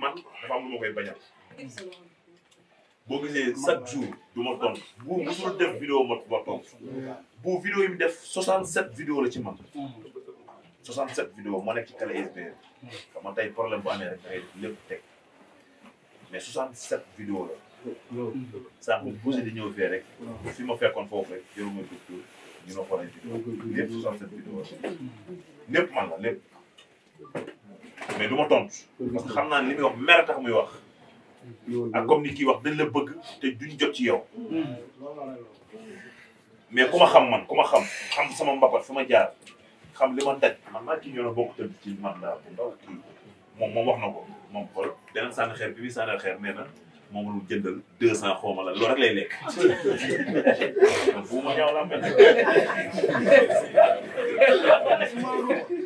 man dafa am lu ma koy bañal. boo gisee chaque jour du ma tontu bu musul def vidéo ma ma mm. bu vidéo yi mu def 67 vidéo la ci man 67 vidéo moo nekk ci kale SBR xam nga tey problème bu la saa ko posé di ñëw fee rek fi ma fekkoon foofu rek yow ma dugg ñu ma xoolee vidéo la lépp man la lépp mais du ma tontu. xam naa ne li muy wax mer muy wax. ak comme ni kii wax dañ la bëgg te duñ jot ci yow. Hmm. mais ku xam man ku ma xam xam sama mbapat sama jaar xam li ma daj man maa kii ñoo bokk tamit ci man daal moom moom wax na ko moom xool beneen sànni xeer bi muy sànni xeer nee na moom lu jëndal deux cent xawma la loolu rek lay lekk. ma ñaaw la am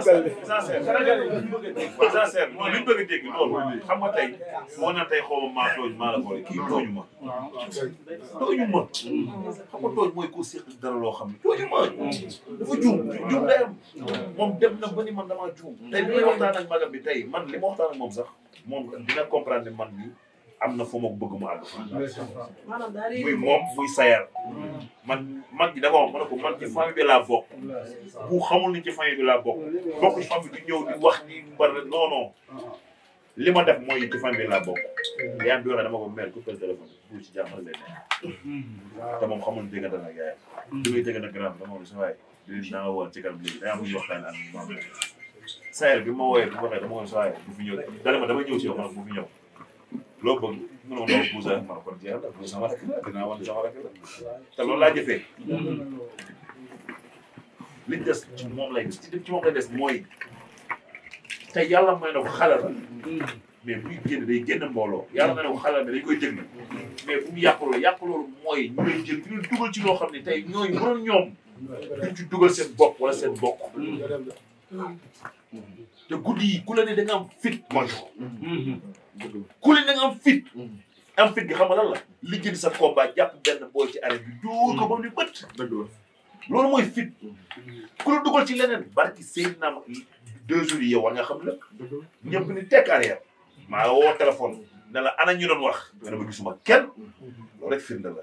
sincère sincère moom li ñu bëgg a dégg loolu xam nga tey moo na tey xaw ma maa tooñ maa la boole kii tooñu ma tooñu ma xam nga mooy koo séq dara loo xam ne tooñu ma dafa juum juum day moom dem na ba ni man damaa juum tey bi may waxtaan ak magam bi tey man li ma waxtaan ak moom sax moom dina comprendre ne man bi am na fu ma bëgg mu àgg muy moom muy sayar man mag ji dafa wax ma ne ko man ci famille bi laa bokk bu xamul ni ci famille bi laa bokk bokk ni mbar non non ma def mooy ci famille bi laa bi waxee dama ko mel ku pel téléphone bu ci jàmmal leen te moom naa woon ci am ñu waxtaan ak sayar bi ma wooyee bi waxee dama woon sa waay bu fi ñëw dale ma dama ñëw ci yow ma bu fi ñëw loo bëgg mënoo noo buusa ma ko jeex buusa ma rek la laa jëfee li des ci moom lay des ci des mooy te yàlla may na ko xale la mais buy génn day génn mbooloo yàlla may na ko xale la mais dañ koy déglu mais bu mu yàquloo yàquloo mooy ñu lay jël ñu dugal ci loo xam ne tey ñooñu mënoon ñoom duñ ci dugal seen bopp wala seen bokk te guddi yi ku la ne da am fit man mm-hmm. mm-hmm. ku la ne da nga am fit mm-hmm. am fit gi xam nga lan la liggéey sa combat jàpp benn booy ci arrêt bi dóor ko ba mu ni bët loolu mooy fit ku la dugal ci leneen barki seen naam deux jours yi yow war nga xam lépp ñëpp ni tekk arrière maa woo téléphone ne la ana ñu doon wax nga ne ma gisuma kenn loolu rek firnde la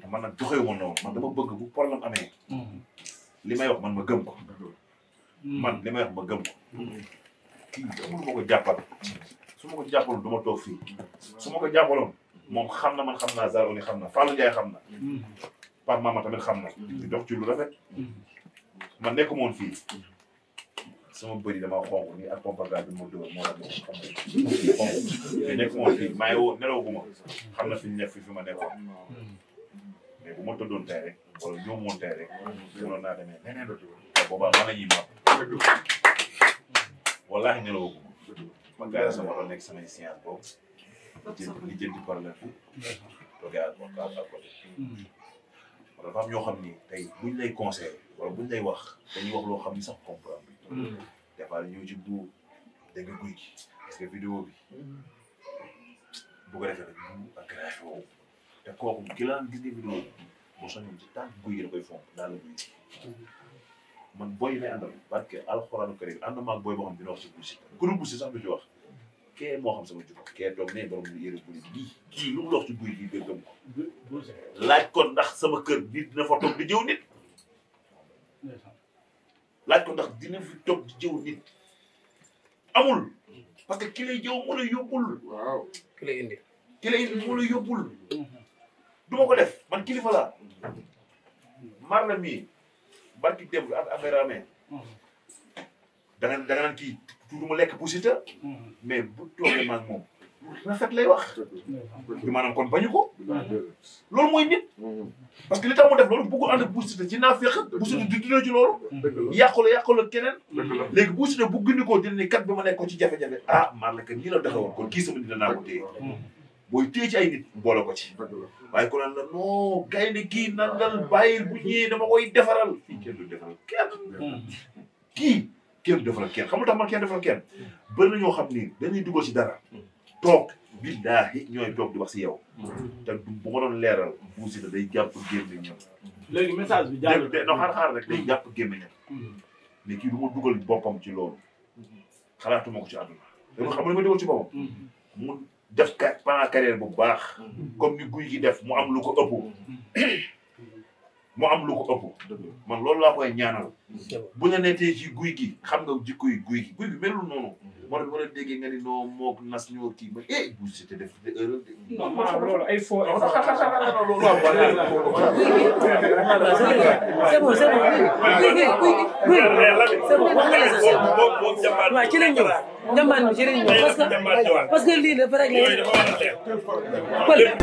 te man nag doxewu noonu man dama bëgg bu problème amee li may wax man ma gëm ko man li may wax ma gëm ko. kii amul ma ko jàppal. su ma ko jàppaloon du ma toog fii. su ma ko jàppaloon moom xam na man xam naa Zarko ni xam na Fallou Ndiaye xam na. Pape Mama tamit xam na. di dox ci lu rafet. ma nekk moon fii. sama bëri damaa xonk nii ak propagande bi ma dóor ma xam ne xonk te nekk moom fii na fi nekk fi fi ma nekkoon mais bu ma tëddoon tey rek wala ñoom moon tey rek boobaa man la ñuy màpp. wallaahi ne ko ma. gars yi sama xol nekk samay science boobu. jënd li jënd problème bi. toogee ak ak ñoo xam ni tey buñ lay conseillé wala buñ lay wax dañuy wax loo xam ni sax comprendre. Hmm. des fois ñëw ci bu dégg guy gi parce hmm. que vidéo bi. bu ko defee dañuy mu aggravé woo. te gis ne vidéo bi. bu soññoon ci tànk guy da koy fomp daal la guy man booy yi may àndal barke alxuraanu karim ànd maag booy boo xam dina si Boury Siteu ku sax du ci wax kee moo xam sama jikko kee toog nee borom lu yëre Boury lii kii lu mu la wax ci Boury lii ko laaj ko ndax sama kër nit dina fa toog di jëw nit ko ndax dina fi toog di jëw amul parce que ki lay jëw moo la yóbbul waaw indi ki indi moo la yóbbul du ma ko def man kilifa laa mar barki démb ak affaire amee. da nga da nga naan kii tuuti mu lekk bu Siteu. mais bu toogee maag moom. rafet lay wax. du maanaam kon bañu ko. loolu mooy nit. parce que li tax def loolu bëggu ànd bu Siteu ci naa féq bu Siteu di dina ci loolu. yàqula yàqula keneen. léegi bu Siteu bu gindi koo dina ni kat bi ma nekk ko ci jafe-jafe ah maa la que nii la doxewoon kon kii sama dina naa ko téye. Mm. booy téye ci ay nit boole ko ci waaye ku naan la non gaynde kii nangal bàyyil bu ñëwee dama koy defaral fii kenn du defaral kenn kii kenn du defaral kenn xam nga tax ma kenn defaral kenn bëri na ñoo xam ni dañuy dugal ci dara toog billaahi ñooy toog di wax si yow te bu ma doon leeral buusi la day jàpp gémmiñam léegi message bi jàll de no xaar xaar jàpp gémmiñam mais hmm. kii du ma dugal boppam ci loolu xalaatuma ko ci àdduna dama xam ne ma dugal ci boppam hmm. def pendant carrière bu baax mm-hmm. comme ni guy gi def mu am lu ko ëpp mm-hmm. mu am lu ko man loolu laa koy ñaanal. bu nga nettee ci guy gi xam nga jikko yi guy gi guy gi melul noonu. moo tax war a déggee nga ni noo moog nas ñoo kii ba eh bu c'était def de heure. non non loolu ay fo. non non non loolu. c'est bon c'est ci lañ ñëw jàmbaar bi ci lañ ñëw parce que parce que lii la ba rek